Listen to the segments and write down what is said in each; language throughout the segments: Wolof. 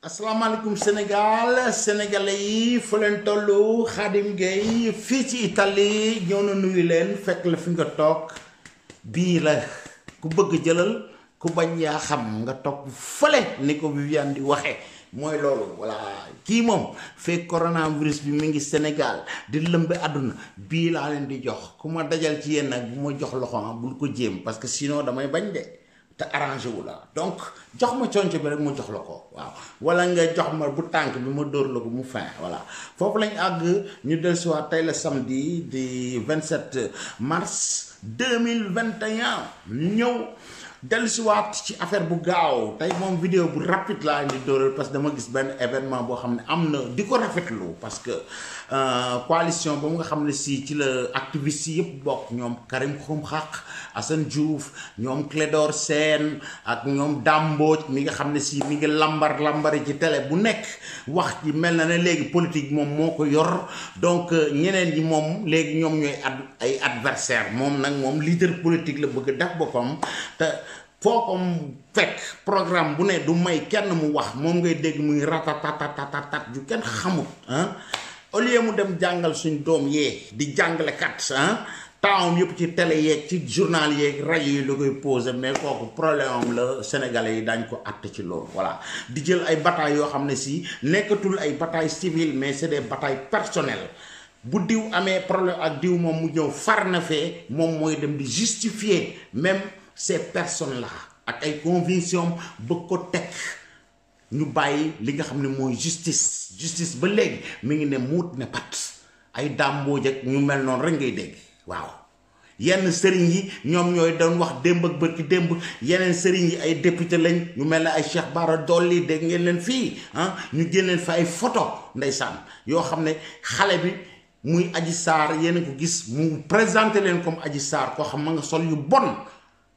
asalaamaaleykum Sénégal sénégalais yi fa leen toll Khadim Gueye fii ci Italie ñëw na nuyu leen fekk la fi nga toog bii la ku bëgg jëlal ku bañ yaa xam nga toog fële ni ko Viviane di waxe mooy loolu voilà kii moom fekk coronavirus bi mu ngi Sénégal di lëmbe àdduna bii laa leen di jox ku ma dajal ci yéen nag bu ma jox loxo bul ko jéem parce que sinon damay bañ de te arrangé wu la donc jox ma conc bi rek mu jox la ko waaw wala nga jox ma bu tànk bi ma dóor la ko mu fin voilà foofu lañ àgg ñu dellusiwaat tey la samedi di 27 mars 2021 ñëw del ci affaire bu gaaw tey moom vidéo bu rapide laa indi dóoral parce que dama gis benn événement boo xam ne am di ko rafetlu parce que Euh, coalition ba nga xamné ne si ci le activiste yépp bok ñom Karim khoum khak Assane Diouf ñom Clédor sen ak ñom dambo mi nga xamné ne si mi ngi lambar lambari ci télé bu nek wax ci melna na ne politique mom moko yor donc euh, ñeneen yi mom légui ñom ñoy ad ay adversaire mom nak mom leader politique la bëgg daf boppam te foko fek programme bu né du may kenn mu wax mom ngay dégg muy ratatatatatatat ju kenn xamut hein au lieu mu dem jangal suñ doom ye di jangale kat ah, ci télé ye ci journal ye rajo yi la koy mais problème le sénégalais yi dañ ko ci lool voilà di batailles si batailles civiles mais c'est des batailles personnelles bu diw problème ak diw mu far justifier même ces personnes là ak ay convictions ñu bàyyi li nga xam ne mooy justice justice ba léegi mu ngi ne muut ne pat ay dàmboo jeg ñu mel noonu rek ngay dégg waaw yenn sëriñ yi ñoom ñooy doon wax démb ak bërki démb yeneen sëriñ yi ay député lañ ñu mel ne ay Cheikh Bara Dolly dégg ngeen leen fii ah ñu génneen fi ay photo ndeysaan yoo xam ne xale bi muy aji Sarr yéen ko gis mu présenté leen comme aji Sarr koo xam ma nga sol yu bon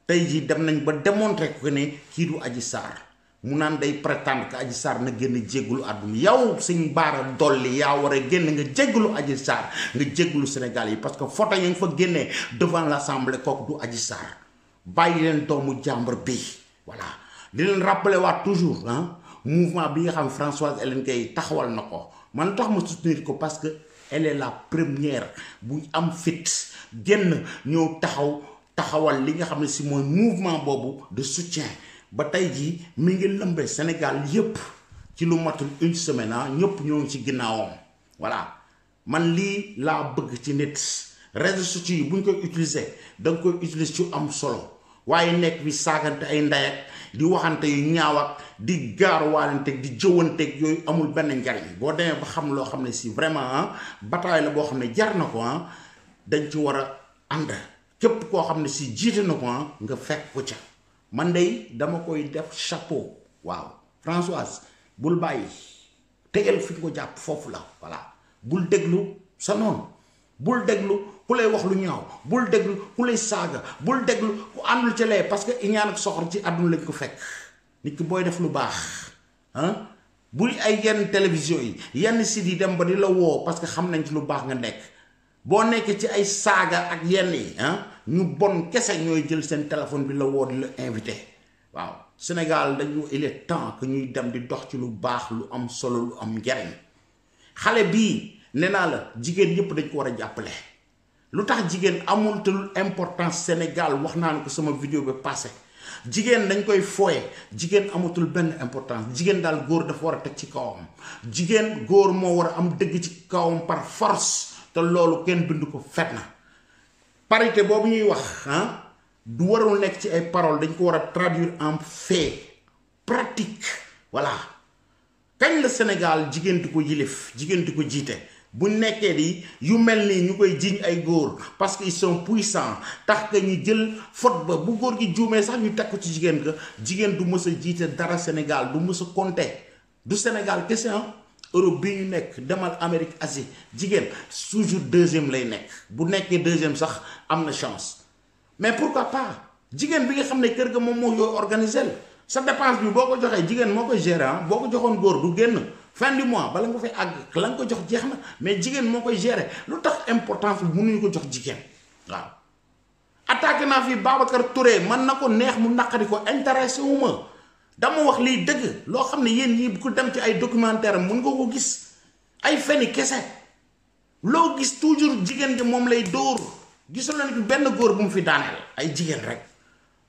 tey jii dem nañ ba démontré ko ne kii du Adji Sarr mu naan day prétendre que Adji Sarr na génn jéggalu àdduna yow suñ baara dolli yaa war a génn nga jéggalu Adji Sarr nga jéggalu Sénégal yi parce que photo ya nga fa génnee devant l'Assemblée kooku du Adji Sarr bàyyi leen doomu jàmbur bi voilà di leen rappeler waat toujours ah mouvement bi nga xam Françoise Hélène Gaye taxawal na ko man tax ma soutenir ko parce que elle est la première bu am fit génn ñëw taxaw taxawal li nga xam ne si mooy mouvement boobu de soutien ba tey jii mi ngi lembe senegal yep ci lu matul une semaine ñep ah, ñëpp ñoo ci ginnaawam voilà man li la bëgg ci nit réseaux sociaux buñ bu koy utiliser da nga koy utiliser ci am solo waye nek wi saagante ay nday ak di waxante yu ñaaw ak di gaaruwaalanteeg di jëwanteeg yooyu amul ben ngari bo demee ba xam lo xam si vraiment ah, bataille la boo xam ne jar na ko ah, dañ ci wara and ànd képp koo xam si jiite na ko nga fekk ko ci man de dama koy def chapeau waaw Françoise bul bàyyi tëjal fi nga ko jàpp foofu la voilà bul déglu sa noonu bul déglu ku lay wax lu ñaaw bul déglu ku lay saaga bul déglu ku àndul ci lee parce que iñaan ak soxor ci àdduna lañ ko fekk nit ki booy def lu baax ah buy ay yenn télévision yi yenn site yi dem ba di la woo parce que xam nañ ci lu baax nga nekk boo nekkee ci ay saaga ak yenn yi ah ñu bon kessé ñoy jël sen téléphone bi la wo la invité waaw sénégal dañu il est temps que ñuy dem di dox ci lu baax lu am solo lu am njariñ xalé bi néna la jigen yépp dañ ko wara jappalé lutax jigen amul tul importance sénégal wax naan ko sama vidéo bi passé jigen dañ koy foyé jigen amatul ben importance jigen dal goor dafa wara tek ci kawam jigen goor mo wara am deug ci kawam par force te lolu ken bind ko fetna parité boobu ñuy wax ah du warul nekk ci ay paroles dañ ko war a traduire en fait pratique voilà kañ la Sénégal jigéen di ko yilif jigéen di ko jiite bu nekkee di yu mel nii ñu koy jiñ ay góor parce que ils sont puissants tax que ñu jël fot ba bu góor gi juumee sax ñu teg ci jigéen ga jigéen du mës a jiite dara Sénégal du mës a du Sénégal kese Europe bi ñu nekk demal Amérique Asie jigen toujours deuxième lay nekk bu nekkee deuxième sax amna chance mais pourquoi pas jigen bi nga xamné kër ga mom mo yo organiser sa dépense bi boko joxé jigen moko gérer hein ah. boko joxone gor du génn fin du mois bala nga fay ag la nga jox jeex mais jigen moko gérer lu tax importance bu ñu ko jox jigen waaw attaque na fi Babacar Touré man nako neex mu nakari ko intéressé wu ma dama wax liy dëgg loo xam ne yéen ñii ku dem ci ay documentaire mun nga ko gis ay feni kese loo gis toujours jigéen ji moom lay dóor gisul na benn góor bu mu fi daaneel ay jigéen rek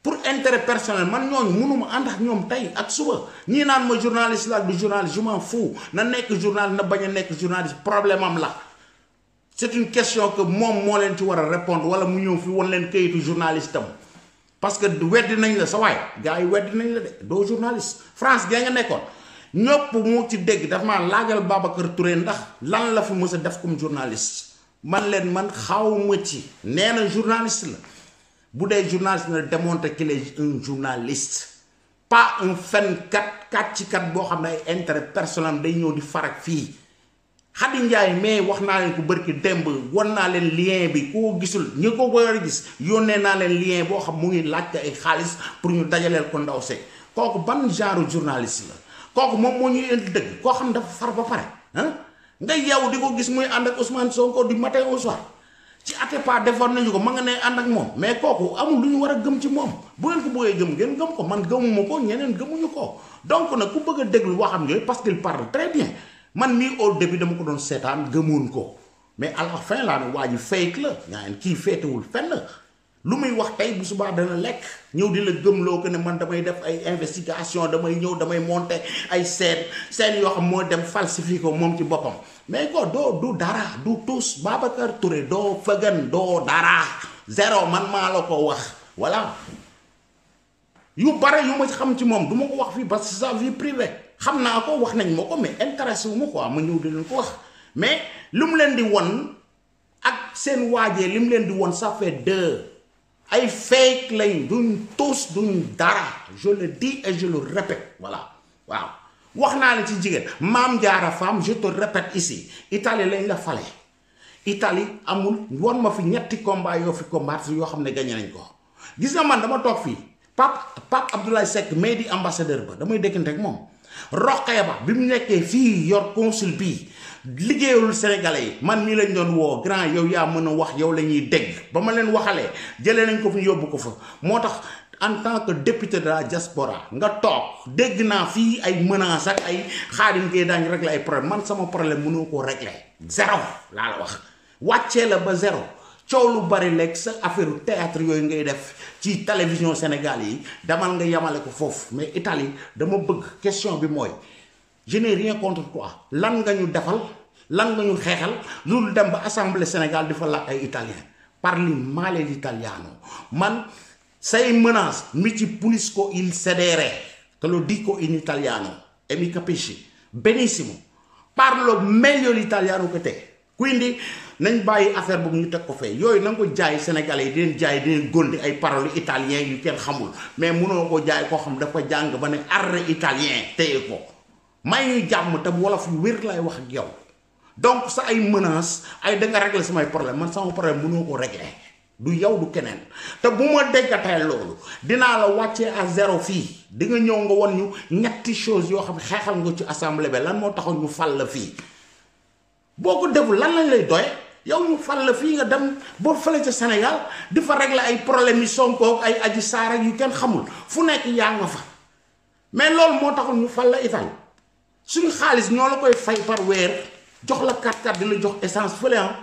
pour intérêt personnel man ñooñu mënuma ànd ak ñoom tey ak suba ñii naan ma journaliste la du journaliste je m'en na nekk journaliste na bañ a nekk journaliste problème am la c'est une question ko moom moo leen ci war a répondre wala mu ñëw fi won leen kayitu journaliste am parce que weddi nañ la sa waay gars yi weddi nañ la de doo journaliste France gee nga nekkoon ñëpp mu ci dégg dafa maa laajal Babacar Touré ndax lan la fi mës a def comme journaliste man leen man xaw ma ci nee na journaliste la bu dee journaliste na démontre qu'il est un journaliste pas un fenkat kat boo xam ne ay intérêt personnel day ñëw di farak fii Xadi Njaay mais wax naa leen ko bërki démb won naa leen lien bi koo gisul ñi ko war a gis yónnee naa leen lien boo xam mu ngi laajte ay xaalis pour ñu dajaleel ko ndaw se kooku ban genre journaliste la kooku moom moo ñuy indi dëgg koo xam dafa far ba pare ah nga yow di ko gis muy ànd ak Ousmane Sonko du matin au soir ci Atepa defoon nañu ko ma nga ne ànd ak moom mais kooku amul lu ñu war a gëm ci moom bu ngeen ko bëggee gëm ngeen gëm ko man gëmuma ko ñeneen gëmuñu ko donc nag ku bëgg a déglu waxam yooyu parce qu'il parle très bien man mii au début dama ko don setan gëmoon ko mais à la fin laa ne waa fake la ngayen ki kii féetewul fenn lu muy wax tay bu subaa dana lek ñëw di la gëmloo ko ne man damay def ay investigation damay ñëw damay monter ay seen sen yo xam mo dem falsifier ko mom ci bopam mais ko do du dara du tous Babacar Touré do fagan do dara zéro man maa la ko wax voilà yu bare yu ma xam ci mom du ma ko wax fi parce que sa vie privée xam naa ko wax nañ ma ko mais intéressé wu ma quoi ma ñëw di leen ko wax mais lu mu leen di won ak seen waajee li mu leen di won ça deux ay fake lañ duñ tous duñ dara je le dis et je le waaw wax naa la ci jigéen maam jaar a je te répète ici Italie lañ la fale Italie amul won ma fi ñetti combat yoo fi combattre yoo xam ne gagné nañ ko gis nga man dama toog fii Pape Pape Abdoulaye Seck mais di ambassadeur ba damay dëkkante ak moom Rokhaya Ba bim nekké fi yor consul bi liggéeyul sénégalais man mi lañ doon wo grand yow ya mëna wax yow lañuy dégg bama leen waxalé jëlé nañ ko fi yobbu ko fa motax en tant que député de la diaspora nga tok dégg na fi ay menaces ak ay xaadim ngey dañ régler ay problème man sama problème mënoo koo régler zéro la la wax waccé la ba zéro coow lu bari lex sa affaire théâtre yoy ngay def ci télévision Sénégal yi damal nga yamale ko fof, mais Italie dama bëgg question bi moy je n'ai rien contre toi lan nga ñu defal lan nga ñu xéxal loolu dem ba assemblée Sénégal di la ay italien parli male l'italiano man sei menace mi ci pulisco il sedere te lo dico in italiano e mi capisci benissimo parlo meglio l'italiano che te quindi nañ bàyyi affaire boobu ñu teg ko fee yooyu na ko jaay sénégalais yi di leen jaay di leen góndi ay paroles italien yu kenn xamul mais mënoo ko jaay koo xam dafa jàng ba ne arre italien téye ko may ñu jàmm te wolof yu wér lay wax ak yow donc sa ay menaces ay da nga régler samay problème man sama problème mënoo ko régler du yow du keneen te bu ma déggatee loolu dinaa la wàccee à zéro fii di nga ñëw nga won ñu ñetti chose yoo xam xeexal nga ci assemblée bi lan moo taxoon ñu fal la fii boo ko deful lan lañ lay doy yow ñu fal la fii nga dem boo fale ca Sénégal di fa régler ay problème yi Sonko ay aji saar yu kenn xamul fu nekk yaa nga fa mais loolu moo taxul ñu fal la Italie suñu xaalis ñoo la koy fay par weer jox la kat-kat dina jox essence fële am ah.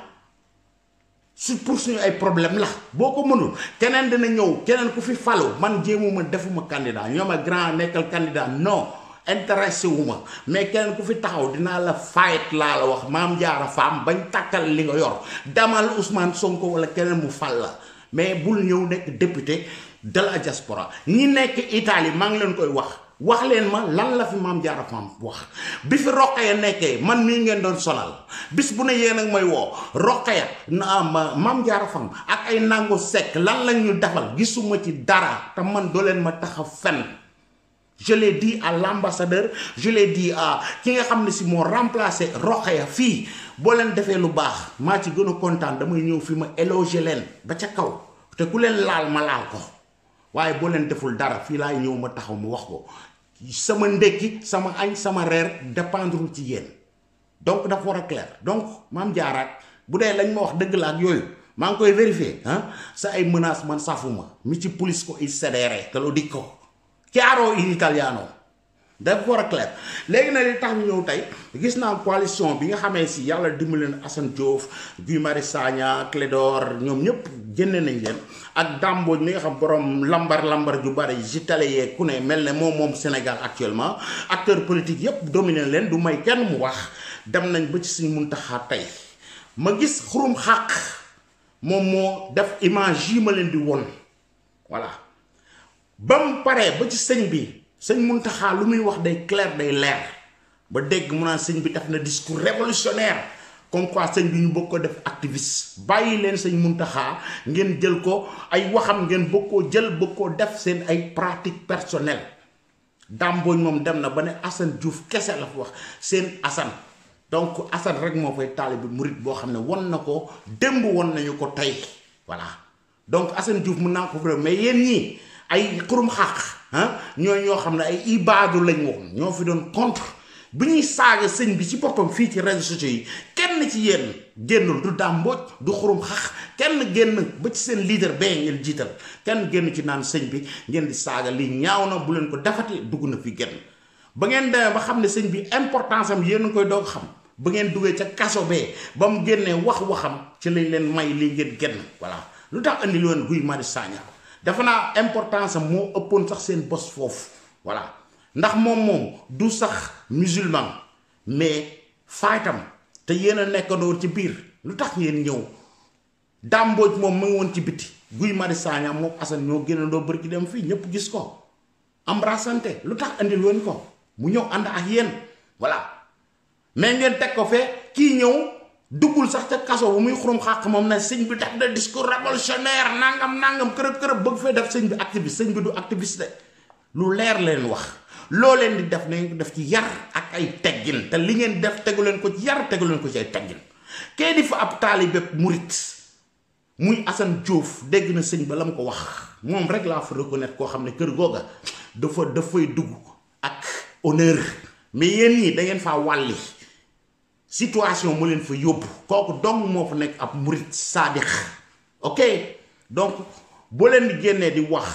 su pour suñu ay problème la boo ko mënul keneen dina ñëw keneen ku fi falu man jéemuma defuma candidat ñoo ma grand nekkal candidat non intéressé wu ma mais kenn ku fi taxaw dinaa la fayet laa la wax maam jaara faam bañ tàkkal li nga yor demal Ousmane Sonko wala keneen mu fal la mais bul ñëw nekk député de la diaspora ñi nekk Italie maa ngi leen koy wax wax leen ma lan la fi maam jaara faam wax bi fi roq ya nekkee man mii ngeen doon sonal bis bu ne yéen ak may woo Roqaya ah, ma maam jaara faam ak ay nangu sekk lan lañ ñu defal gisuma ci dara te man doo leen ma taxa fen je l'ai dit à l'ambassadeur je l'ai dit à ki nga xamné ne si moo remplacé Rokhaya fii boo leen defee lu bax ma ci gëna content kontaan damay ñëw fi ma éloger leen ba ca kaw té ku len laal ma laal ko waye bo len deful dara fi lay ñëw ma taxaw mu wax ko sama ndekki sama añ sama reer dépendre ci yéen donc dafa war clair donc mam jaaraat budé lañ ma wax dëgg laak yoy ma ngoy vérifier hein sa ay menaces man safuma mi ci police ko il sédéré te lo dik ko chiaro in italiano daf war a clair léegi nag li tax ñu ñëw tey gis naa coalition bi nga xamee si yàlla dimbali leen Assane Diouf Guy Marius Sagna Clédor ñoom ñëpp génne nañ leen ak dàmbooj mi nga xam borom lambar lambar ju bari ji jitale yee ku ne mel ne moom moom Sénégal actuellement acteur politique yëpp dominé leen du may kenn mu wax dem nañ ba ci suñ mun taxaat tey ma gis xurum xàq moom moo def image yi ma leen di won voilà bam paré ba ci señ bi señ muntaha lu muy wax day clair day lèr ba dégg mu na señ bi def na discours révolutionnaire comme quoi señ bi ñu bokko def activiste bayi len señ muntaha ngeen jël ko ay waxam ngeen bokko jël bokko def sen ay pratique personnelle dambo mom dem na bané ne assane diouf kessé la wax seen assane donc assane rek mo fay talib mourid bo xamné won nako demb won nañu ko tay voilà donc assane diouf mu nako ko mais yeen ñi ay xurum xàq ah ñooy ñoo xam ne ay ibaadu lañ woon ñoo fi doon contre bi ñuy saaga sëñ bi ci boppam fii ci réseaux sociaux yi kenn ci yéen génnul du dàmbooj du xurum xax kenn génn ba ci seen leader bee ngeen jiital kenn génn ci naan sëñ bi ngeen di saaga li ñaaw na bu leen ko defati dugg na fi génn ba ngeen demee ba xam ne sëñ bi importance am yéen koy doog xam ba ngeen duggee ca kaso bee ba mu génnee wax waxam ci lañ leen may li ngeen génn voilà lu tax andi loon Guy Marius dafa na importance mo moo sax sen boss voilà ndax mom du sax musulman mais fightam te yena a ci bir lutax tax ñew damboj mom moom ci biti Guy Marius Sagna moom Assane ñoo génnandoo bërki dem fi ñëpp gis ko embrassante lutax andil won ko mu ñew ak voilà mais ngeen tek ko fe ki ñew duggul sax ca kaso bu muy xurum xàq moom na sëñ bi def de discours révolutionnaire nangam nangam kërëb kërëb bëgg fee def sëñ bi activiste sëñ bi du activiste lu leer leen wax loo leen di def nañ ko def ci yar ak ay teggin te li ngeen def tegu leen ko ci yar tegu ko ci ay teggin kee di fa ab taalibe murit muy Assane Diouf dégg na sëñ ba la mu ko wax moom rek laa fa reconnaître koo xam ne kër googa dafa dafay dugg ak honneur mais yéen ñi dangeen ngeen faa situation mu leen fa yóbbu kooku dong moo fa nekk ab murit saadix ok donc boo leen di génnee di wax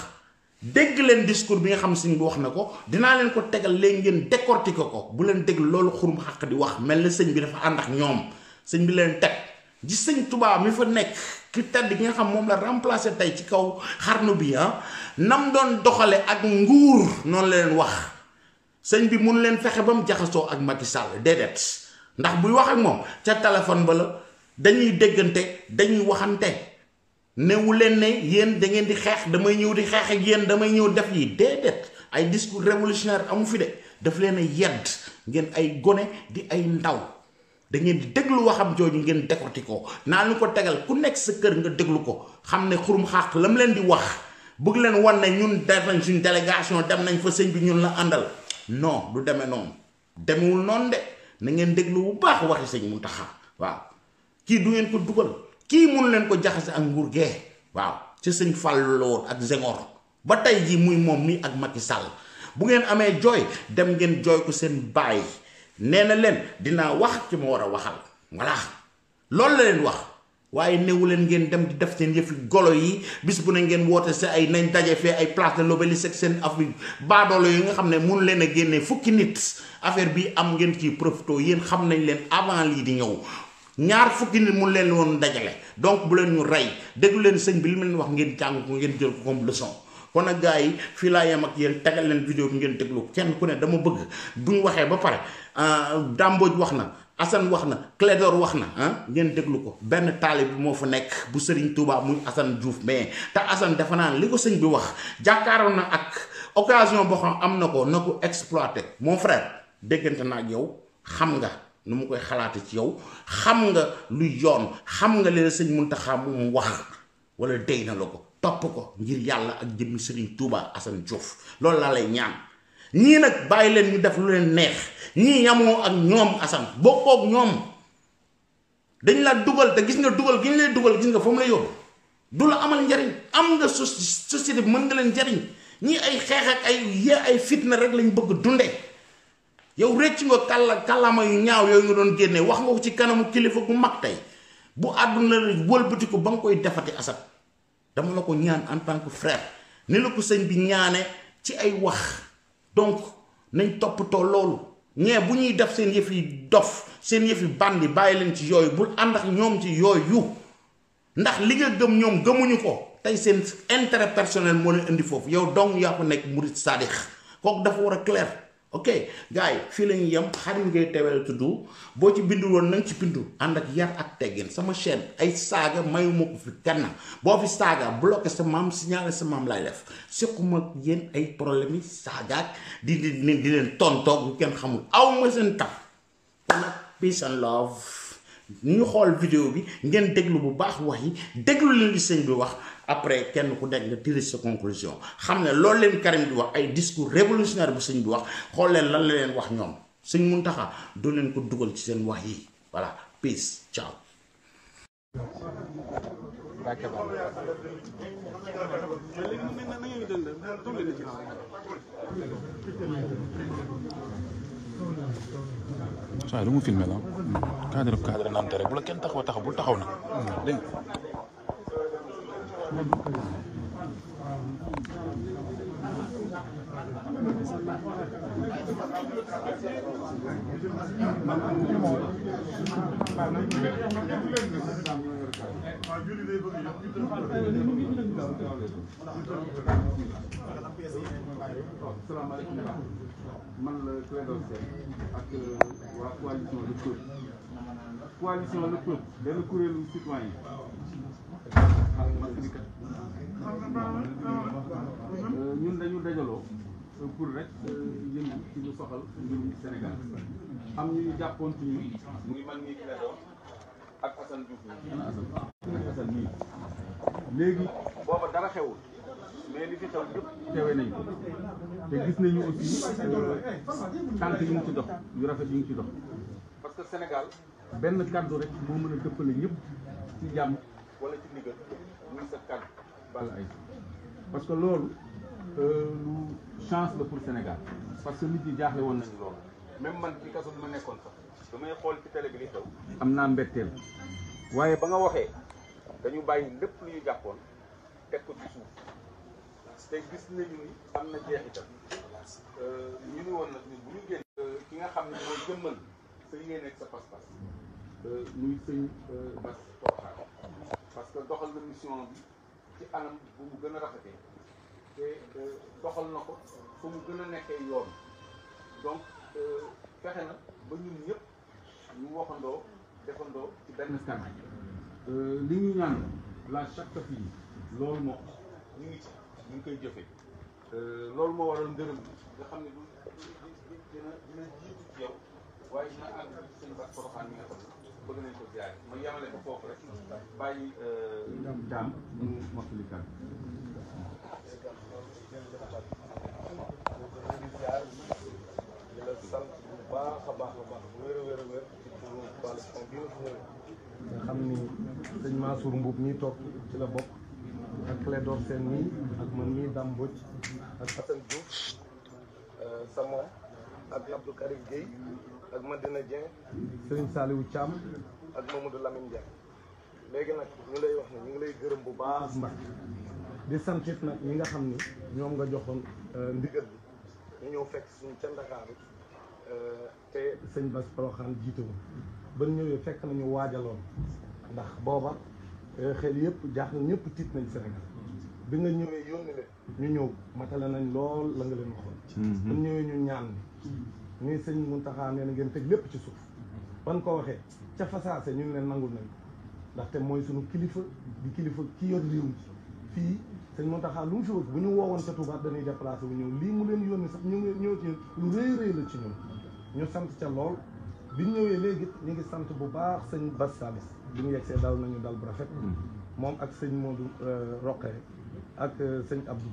dégg leen discours bi nga xam sëñ bi wax na ko dinaa leen ko tegal léegi ngeen décortiquer ko bu leen dégg loolu xurum xaq di wax mel na sëñ bi dafa ànd ak ñoom sëñ bi leen teg ji sëñ Tuubaa mi fa nekk ki tedd gi nga xam moom la remplacé tey ci kaw xarnu bi ah nam doon doxale ak nguur noonu la leen wax sëñ bi mun leen fexe ba mu jaxasoo ak Macky Sall déedéet ndax buy wax ak moom ca téléphone ba la dañuy déggante dañuy waxante newu leen ne yéen da ngeen di xeex damay ñëw di xeex ak yéen damay ñëw def yi déedéet ay discours révolutionnaire amu fi de dafa leen ay yedd ngeen ay gone di ay ndaw da ngeen di déglu waxam jooju ngeen décorti ko naa lu ko tegal ku nekk sa kër nga déglu ko xam ne xurum xaq la mu leen di wax bëgg leen wan ne ñun def nañ suñ délégation dem nañ fa sëñ bi ñun la àndal noo du demee noonu na ngeen déglu bu baax waxi sëñ Muntaxa waaw kii du ngeen ko dugal kii mun leen ko jaxase ak nguur gee waaw ci sëñ Fàllu la ak Senghor ba tey jii muy moom nii ak Macky Sall bu ngeen amee jooy dem ngeen jooy ko seen baay nee na leen dinaa wax ci ma war a waxal voilà loolu la leen wax. waaye newu leen ngeen dem di def seen yëfi golo yi bis bu ne ngeen woote si ay nañ daje fee ay place de l'Obélisque seen affaire baadoolo yi nga xam ne mun leen a génne fukki nit affaire bi am ngeen ci profito yéen xam nañ leen avant lii di ñëw ñaar fukki nit mun leen woon dajale donc bu leen ñu rey déglu leen sëñ bi li mu leen wax ngeen jàng ko ngeen jël ko comme leçon kon a gars yi fii laa yem ak yéen tegal leen vidéo bi ngeen déglu kenn ku ne dama bëgg bu waxee ba pare euh, Dame wax na. Assane wax na Clédor wax na ah ngeen déglu ko benn taalib bi moo fa nekk bu Serigne Touba muy Assane Diouf mais te Assane dafa naan li ko sëñ bi wax jàkkaaroon na ak occasion boo xam am na ko na ko exploité mon frère déggante na ak yow xam nga nu mu koy xalaate ci yow xam nga lu yoon xam nga leen sëñ Muntaxa mu wax wala dey na la ko topp ko ngir yàlla ak jëmmi Serigne Touba Assane Diouf loolu laa lay ñaan. ñi nak bàyyi leen ñu def lu leen neex ñi yamoo ak ñoom asam ak ñoom dañ la dugal te gis nga dugal gi ñu lay dugal gis nga fam lay yóbbu du la amal njariñ am nga société mën nga leen njariñ ñi ay xex ak ay ye ay fitna rek lañ bëgg dundé yow rëcc nga kala kàllaama yu ñaaw yow nga doon génne wax nga ko ci kanamu kilifa gu mag tey bu aduna la wolbuti ko bang koy defati asat dama la ko ñaan en tant que frère ni la ko señ bi ñaané ci ay wax donc nañ toppatoo loolu ñee bu ñuy def seen yëf yi dof seen yëfi yi bandi bàyyi leen ci yooyu bul ànd ak ñoom ci yooyu ndax li nga gëm ñoom gëmuñu ko tey seen intérêt personnel moo leen indi foofu yow donc yaa ko nekk murit sadix kooku dafa war a clair ok gars yi fii la ñuy yem Xadim Gueye TV la boo ci bindu woon nañ ci bindu ànd ak yar ak teggin sama chaîne ay saaga mayuma ko fi kenn boo fi saaga bloqué sa maam signalé sa maam laay lay def sequma yéen ay problème yi saagaak di di di leen tontoog bu kenn xamul aw ma seen tax kon nag peace and love ñu xool vidéo bi ngeen déglu bu baax wax yi déglu leen li sëñ bi wax après kenn ku nekk nga tirer sa conclusion xam lolou len karim di wax ay discours révolutionnaire bu seigne bi wax xol len lan la len wax ñom seigne muntaha do len ko duggal ci sen wax yi voilà peace ciao saya lu mu filmé la cadre cadre nante rek bu la kenn taxaw taxaw bul taxaw na hmm. salaamaaleykum man la Clédor Sène ak euh, waa coalition Le Peuple coalition Le Peuple benn kuréelu citoyen ñun dañu dajaloo pour rek euh, yëngu ci lu soxal mbirum Sénégal am ñu jàppoon ci ñun léegi booba dara xewul mais li fi xew yëpp teewee nañ te gis nañu aussi euh, tànk yu mu ci dox yu rafet yu mu ci dox parce que Sénégal benn kàddu rek moo mën a dëppale yëpp ci jàmm parce que euh, lu chance la pour Sénégal parce que nit ñi jaaxle woon nañu loolu même man ci kasso dama ma sax damay xol ci télé bi li taw amna mbettel waye ba nga waxé dañu bàyyi lepp lu ñu jàppoon tek ko ci suuf té gis nañu ni amna na euh ñu ñu won nak ñun bu ñu gën euh, ki nga xamni mo jëmmal sa yéene ak sa pas-pas euh, muy sëñ Bass parce que doxal na mission bi ci anam bu mu gën a rafetee te doxal na ko fu mu gën a nekkee yoon donc euh, fexe na ba ñun ñëpp ñu waxandoo defandoo ci benn kanam euh, li ñu ñaan la chaque fille loolu moo ñu ngi ci ñu ngi koy jëfee euh, loolu moo waral ngërëm bi nga xam ne dina dina ci yow waaye dina àgg suñu bàq poroxaan mi nga xam ne bëgg nañ ko ziare ma yemale ko foofu rek bàyyi daam euh, mu mottali nga xam ni sëñ Mansour mii toog ci la bokk ak mii ak man mii Dame Mbodj ak Diouf euh, ak Abdou Karim Gueye ak Madina Dieng. Serigne Saliou Thiam. ak Mamadou Lamine Dieng. léegi nag ñu lay wax ne ñu ngi lay gërëm bu baax mbak di santit nag ñi nga xam ni ñoom nga joxoon euh, ndigal bi ñu ñëw fekk suñu ca Ndakaaru euh, te sëñ Bass Porokhane jiite woon ba ñëwee fekk nañu waajaloon ndax booba euh, xel yëpp jaax na ñëpp tiit nañ Sénégal bi nga ñëwee yónni leen ñu ñëw matale nañ lool la nga leen waxoon. Mm-hmm. ba ñëwee ñu ñaan nii sëñ Muntaxa nee na ngeen teg lépp ci suuf ban ko waxee ca fasaase ñu ngi leen nangul nañ ndaxte mooy suñu kilifa bi kilifa kii yor réew fii sëñ Muntaxa lu mu fi wut bu ñu woowoon ca Touba dañuy déplacé wu ñëw lii mu leen yónni sax ñu ngi ci ñun lu rëy rëy la ci ñun ñu sant ca lool bi ñëwee léegi ñu ngi sant bu baax sëñ Bas bi ñu yegsee dal nañu dal bu rafet moom ak sëñ Modou euh, Roqee ak euh, sëñ Abdou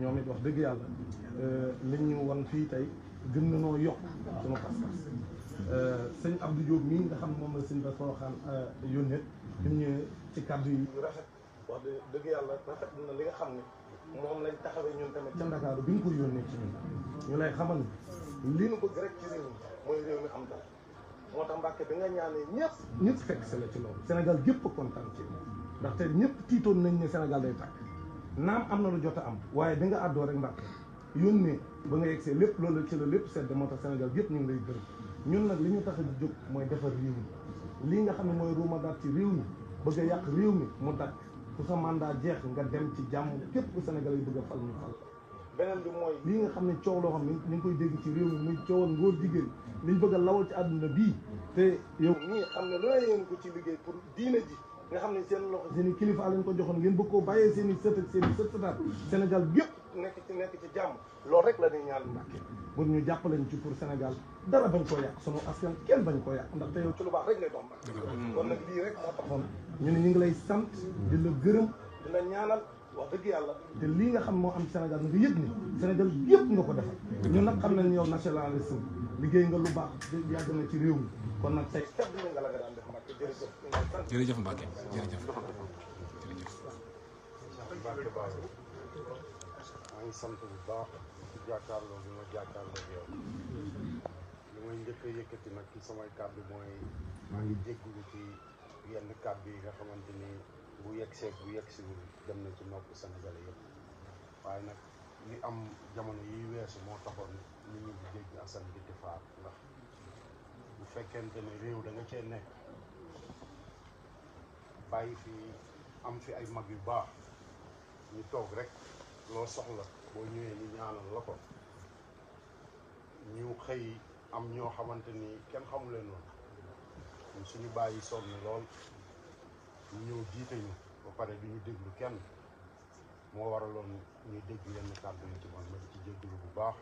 ñoom it wax dëgg yàlla euh, li ñu won fii tey gën na noo yokk sama pas-pas euh, sëñ Abdou Diop mii nga xam moom la sëñ Bass Porokhane euh, yónnee fi mu ci kàddu yi rafet wax dëgg yàlla rafet na li nga xam ne moom lañ taxawee ñun tamit ca Ndakaaru bi ñu ko yónnee ci ñun ñu lay xamal li nu bëgg rek ci réew mi mooy réew mi am dal moo tax Mbàkke bi nga ñaanee ñëpp ñëpp fekk si la ci loolu Sénégal gépp a kontaan ci ndaxte ñëpp tiitoon nañ ne Sénégal day tàkk naam am na lu jot am waaye bi nga àddoo rek Mbàkke yónnee ba nga yegsee lépp loolu la ci la lépp sedd moo tax Sénégal yëpp ñu ngi lay ñun nag li ñu tax a jóg mooy defar réew mi lii nga xam ne mooy ruuma daat ci réew mi bëgg a yàq réew mi mu dakk ku sa mandat jeex nga dem ci jàmm képp ku Sénégal yi bëgg a fal ñu fal beneen bi mooy lii nga xam ne coow loo xam ñu ngi koy dégg ci réew mi muy coowoon ngóor jigéen liñ bëgg a lawal ci àdduna bii te yow ñii xam ne looy yéen ko ci liggéey pour diina ji nga xam ne seen loxo seen i kilifa lañ ko joxoon ngeen bëgg koo bàyyee seen i sët seen Sénégal yëpp nekk ci nekk ci jàmm loolu rek la ñuy ñaan Mbàkke pour ñu jàppale ñu ci pour Sénégal dara bañ koo yàq sunu askan kenn bañ koo yàq ndaxte yow ci lu baax rek ngay ñu ne lay sant di la gërëm di la wax dëgg yàlla lii nga xam moo am Sénégal nga yëg ni Sénégal yëpp nga ko defal ñun nag xam nañ yow nationaliste liggéey nga lu baax yàgg na ci réew mi kon nag tey na nga la nga daan def Mbàkke jërëjëf jërëjëf Mbàkke jërëjëf ngi sant bu baax ci jàkkaarloo bi ma jàkkaarloo yow li may njëkk a yëkkati nag ci samay kàddu mooy maa ngi jéggulu ci yenn kàddu yi nga xamante ni bu yeggseeg bu yeggsiwul dem na ci nopp Sénégalais yëpp waaye nag li am jamono yi weesu moo taxoon nit ñi di dégg Assane di faar ndax bu fekkente ne réew danga nga cee nekk bàyyi fi am fi ay mag yu baax ñu toog rek loo soxla boo ñëwee ñu ñaanal la ko ñu xëy am ñoo xamante ni kenn xamu leen woon suñu bàyyi sonn lool ñu ñëw jiite ñu ba pare du ñu déglu kenn moo waraloon ñu dégg yenn kàddu ci man ma ci jégalu bu baax.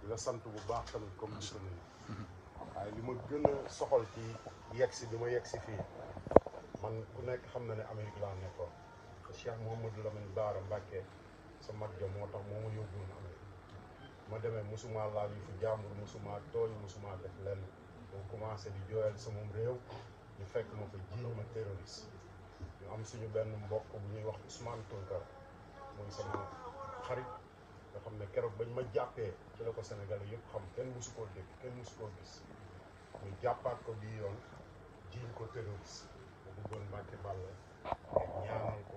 di la sant bu baax tamit comme ni ko waaye li ma gën a soxal ci yegg si bi yegg si fii man ku nekk xam na ni Amérique laa nekkoon Cheikh Mouhamadou Lamine Baara Mbacke. sa mag ja moo tax moo ma yóbbu woon Amérique ma demee musuma laal yu fi jàmbur musuma tooñ musuma def lenn boo commencé di jooyal sama réew ñu fekk ma fa jiiñ ma terroriste ñu am suñu benn mbokk bu ñuy wax Ousmane Tounkara mooy sama xarit nga xam ne bañ ma jàppee ci Sénégalais xam kenn musu koo dégg kenn musu koo gis ñu jàppaat ko bii yoon jiiñ ko terroriste bu bëggoon Macky ñaanal ko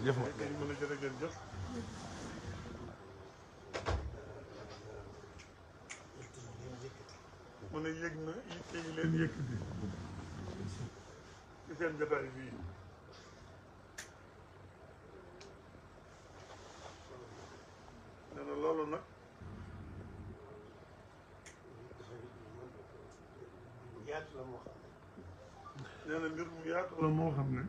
jërëjëf ma jërëjëf mu ne yëg na yitte yi leen yëkkati ci seen jotaay bii nee na loolu nag yaatu la moo xam ne nee na mbir mu yaatu la moo xam ne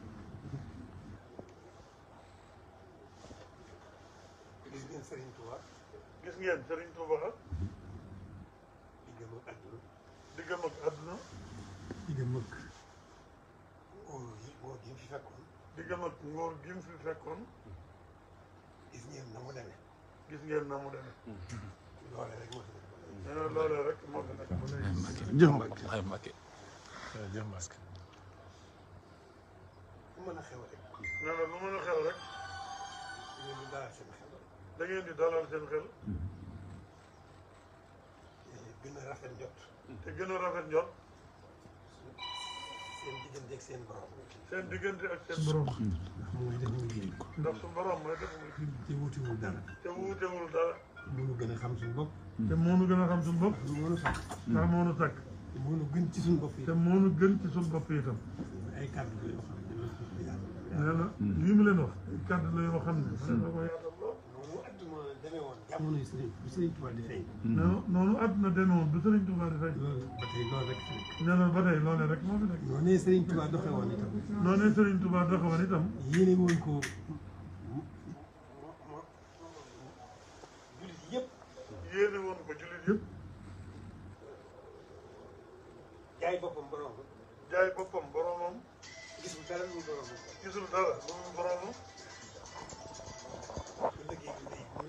kan Serigne Touba. diggam ak àdduna. diggam ak àdduna. diggam ak. nguur gi nguur gi mu fi fekkoon. diggam ak nguur gi mu fi fekkoon. gis ngeen na mu demee. gis ngeen na mu demee. loolee rek moo fi nekk. nee na loolee rek moo fi nekk. jërëjëf Mbacke jërëjëf Mbacke. jërëjëf Mbacke. lu mën a xew rek. nee na lu mën a xew rek. da ngeen di dalal seen xel. da ngeen di dalal seen xel. gën a rafet njot te gën a rafet njot seen diggante ak seen borom seen diggante ak seen borom ndax mooy def muy yéen ndax su borom mooy def muy te wuutewul dara te wuutewul dara mënu gën a xam suñu bopp te moonu gën a xam suñu bopp moonu sàkk ndax moonu sàkk te moonu gën ci suñu bopp yi te moonu gën ci suñu bopp yi itam ay kàddu la yoo xam ne nee na lii mu leen wax ay kàddu la yoo xam ne ma ne la ko yàlla demee woon jamonoy Serigne bu Serigne Touba di feeñ. Hmm. noonu àdduna demee woon bu rek fi nekk. ba tey loolu rek moo fi nekk. noonee Serigne Touba doxee woon itam. noonee Serigne Touba ko jullit yëpp. yéene woon ko jullit yëpp. jaay boppam boromam. jaay boppam boromam.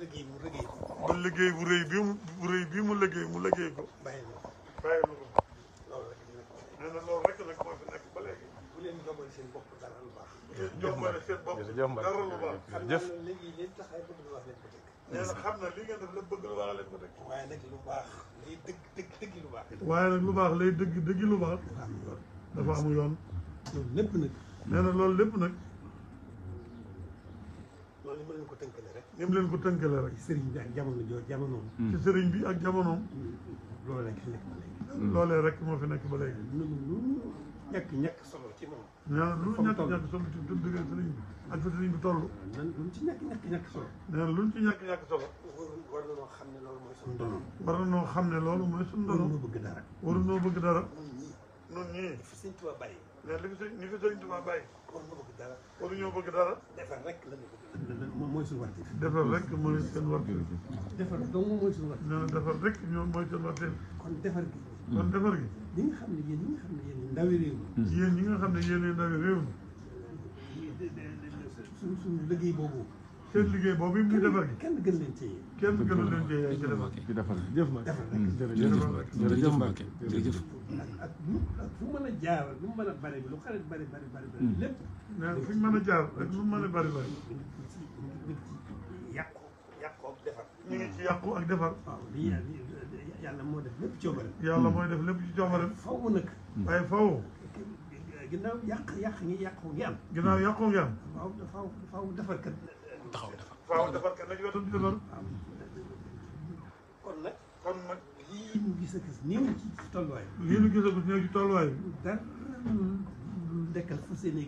liggéey mu liggéey ko. ba liggéey bu rëy bi mu bu rëy bi mu liggéey mu liggéey ko. bàyyi na ko bàyyi na ko. loolu rek dina ko. nee na loolu rek nag moo fi nekk ba léegi. bu leen jombale seen bopp dara lu baax. jombale seen bopp dara lu baax. jëf xam naa léegi li tax ay bëgg lu baax leen ko teg. nee na xam na li ngeen def la bëgg lu baax leen ko teg. waaye nag lu baax lay dëgg dëgg dëgg lu baax. waaye nag lu baax lay dëgg dëgg lu baax. dafa am yoon. loolu lépp nag. nee na loolu lépp nag. loolu ni rek. ni leen ko tënkale rek. ci sëriñ bi ak joo jamonoom. Mm. ci sëriñ bi ak jamonoom. Mm. loolu rek mm. rek moo fi nekk ba léegi. lu lu ñàkk solo ci moom. ñaan lu ñàkk ñàkk solo ci dund ak sëriñ bi ak fa sëriñ bi toll. nan ci ñàkk ñàkk solo. lu ci ñàkk ñàkk war na noo xam ne loolu mooy suñu donoom. war na noo xam ne loolu mooy suñu donoom. waruñoo bëgg dara. waruñoo bëgg dara. nun ñii. li fi sëñ Tuba bàyyi. mais li fi sëñ li fi sëñ Tuba bàyyi. waruñoo bëgg dara. waruñoo bëgg dara. defar rek la mooy suñu warti. defar rek mooy seen warti. defar dong mooy suñu warti. nee na defar rek ñoom mooy seen warti. kon defar gi. kon defar gi. ñi nga xam ne yéen ñi nga xam ne yéen ndawi réew mi. yéen ñi nga xam ne yéen ndawi réew boobu. كيف تلقى بوبي من دفعك كم قل انت كم قل انت دفعك دفعك دفعك دفعك دفعك ثم انا جاب ثم انا بري لو خرج بري بري بري لب ثم انا جاب ثم انا بري بري يعقوب يعقوب دفع يعقوب دفع آه، يلا مو دف لب جوبر يلا مو دف لب جوبر فونك اي فو قلنا يق يق يقو يم قلنا يقو يم فو دفع كده taxaw defar. waaw defar kat lañu wetu di defar. kon nag. kon nag lii ñu gis a gis néew ci tolluwaay bi. lii ñu gis a gis néew ci tolluwaay bi. dara dekkal fa seen i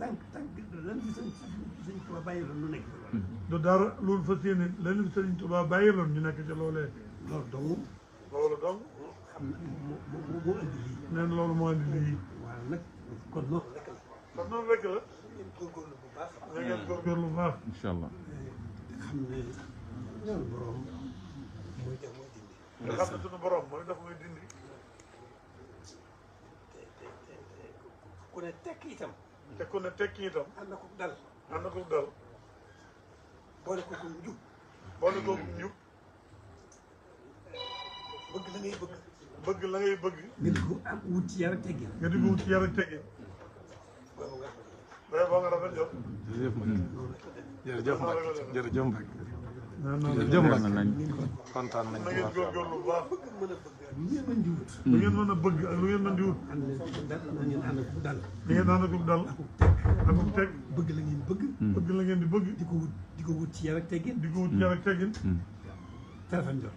tànk tànk lan bi sëñ Tuubaa bàyyiloon ñu nekk ci loolee. du dara loolu fa seen i lan bi sëñ Tuubaa bàyyiloon ñu nekk ci loolee. loolu dong. loolu dong. xam na moo moo moo andi lii. nee na loolu moo andi lii. waaw nag kon noonu rek la. kon noonu rek la. ان شاء الله ku ne tekki itam. te ku ne tekki itam. ànd ko dal. ànd ko dal. boole ko ko njub. boole ko ko njub. bëgg la ngay bëgg. bëgg la ngay bëgg. nga di ko am wut ci yar ak teggin. nga di ko wut ci yar ak teggin. mais boo nga rafet yow. jërëjëf jërëjëf Mbacke jërëjëf Mbacke. jërëjëf Mbacke kontaan nañ ci wax. lu ngeen mën a bëgg ak lu ngeen mën di wut. lu ngeen ànd ak dal. lu ngeen ànd ak dal. akuk teg bëgg la ngeen bëgg. Hmm. bëgg la ngeen di bëgg. di ko wut di ko wut ci yar ak teggin. di ko wut ci yar ak teggin. Hmm. téléphone jot.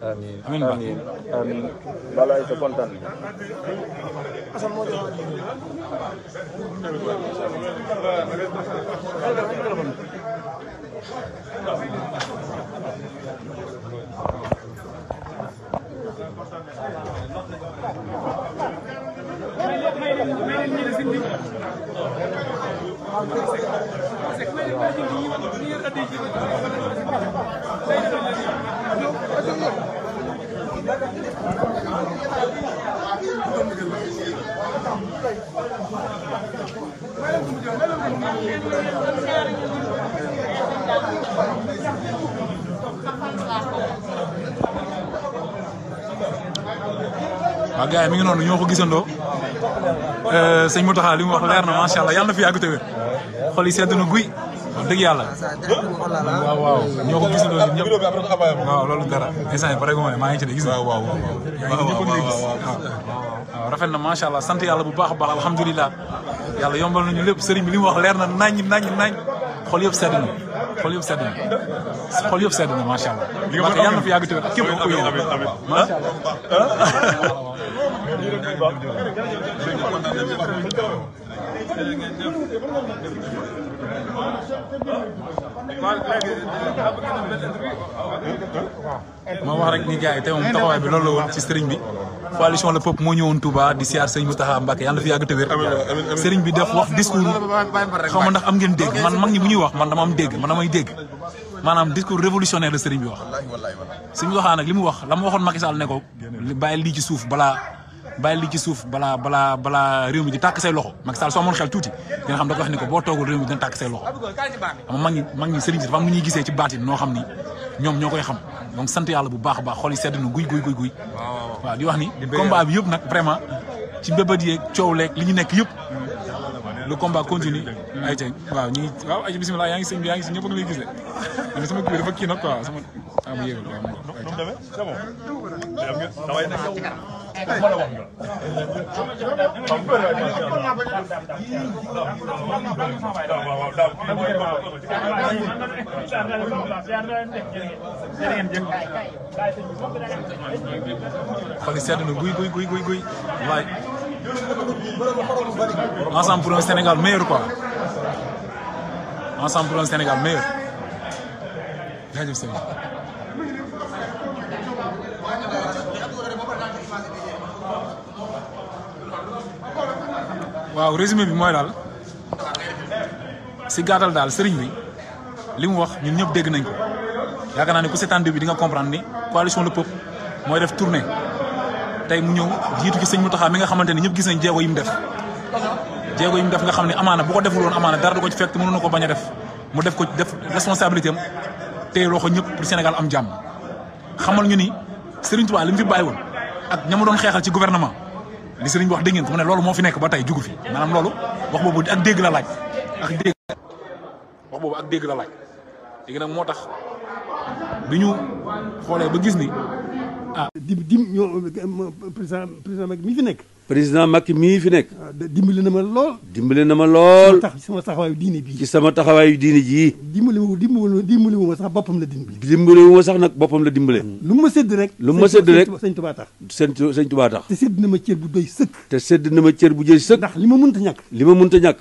amiin amiin amiin balay te kontaan pasamos de waaw gars yi mi ngi noonu ñoo ko gisandoo euh, sëñ Moutakha li mu wax leer na macha allah yàlla na fi yàgg te wér xol yi sedd na guy wax dëgg yàlla. waaw waaw ñoo ko waaw loolu dara instant yii maa ngi ci de gis nga. na macha sant yàlla bu baax a baax alhamdulilah yàlla yombal nañu lépp sëriñ bi li mu wax leer na nañ nañ nañ xol yëpp sedd na. xool yëpp sedd na xool yëpp sedd na macha allah. li nga na fi yàgg tamit képp ku ko ma wax rek ni gars yi tey moom taxawaay bi loolu la woon ci sëriñ bi coalition le peuple moo ñëwoon Touba di siyaar sëriñ Moustapha Mbacké yàlla yàgg te wér sëriñ bi def wax discours xaw ma ndax am ngeen dégg man mag ñi bu ñuy wax man dama am dégg man damay dégg maanaam discours révolutionnaire la sëriñ bi wax suñu waxaa nag li mu wax la ma waxoon Macky Sall ne ko lii ci suuf balaa bàyyi li ci suuf balaa balaa balaa réew mi di tàkk say loxo Macky Sall soo amoon xel tuuti dina xam da ko wax ni ko boo toogul réew mi dina tàkk say loxo ama mag ñi mag ñi sëriñ si dafa am ñoo koy xam donc sant yàlla bu baax a baax xol yi sedd na guy guy wax ni combat bi yëpp nag vraiment ci mbébét yeeg coow leeg li ñu nekk yëpp le combat continue ay tey waaw ñu ngi waaw ay bisimilah yaa ngi sëñ bi yaa a ngi lay gis de sama kii dafa kii nag quoi sama am ah, yéegal waaw kuma da wanga xol sedd na guy guy guy guy guy waay ensemble pour un Sénégal meilleur quoi ensemble pour un Sénégal meilleur jaajëf sëñ waaw résumé bi mooy daal si gàttal daal sëriñ bi li mu wax ñun ñëpp dégg nañ ko yaaka naa ne ku seetaan bi di nga comprendre ni coalition le peuple mooy def tournée tey mu ñëw jiitu ci sëñ Mountakha mi nga xamante ne ñëpp gis nañ jéego yi mu def jéego yi mu def nga xam ne amaana bu ko deful woon amaana dara du ko ci fekk mënu na ko bañ a def mu def ko def responsabilité am téye ko ñëpp pour Sénégal am jàmm xamal ñu ni Serigne Touba li mu fi bàyyi woon ak ña mu doon xeexal ci gouvernement li sëriñ bi wax dégg ngeen ko mu ne moo fi nekk ba tey jugu fi maanaam loolu wax boobu ak dégg la laaj ak dégg wax boobu ak dégg la laaj léegi nag moo tax bi ñu xoolee ba gis ni ah. di di président président Macky mi fi nekk. président Macky mii fi nekk. Ah, dimbali na ma lool. dimbali na ma lool. ci sama taxawaayu diine bii. ci sama taxawaayu diine jii. dimbali wu dimbali wu sax boppam la dimbali. dimbali wu ma sax nag boppam la dimbale. lu ma sédd rek. lu ma sedd rek sëñ Tuubaa tax. sëñ sëñ Tuubaa tax. te sédd na ma cër bu doy sëkk. te sedd na ma cër bu doy sëkk. ndax li ma mënta ñàkk. li ma mënta ñàkk.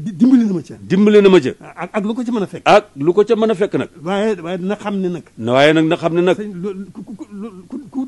dimbali na ma ca. dimbali na ma ca. ak ak lu ko ca mën a fekk. ak lu ko ca mën a fekk nag. waaye waaye na xam ne nag. waaye nag na xam ne nag.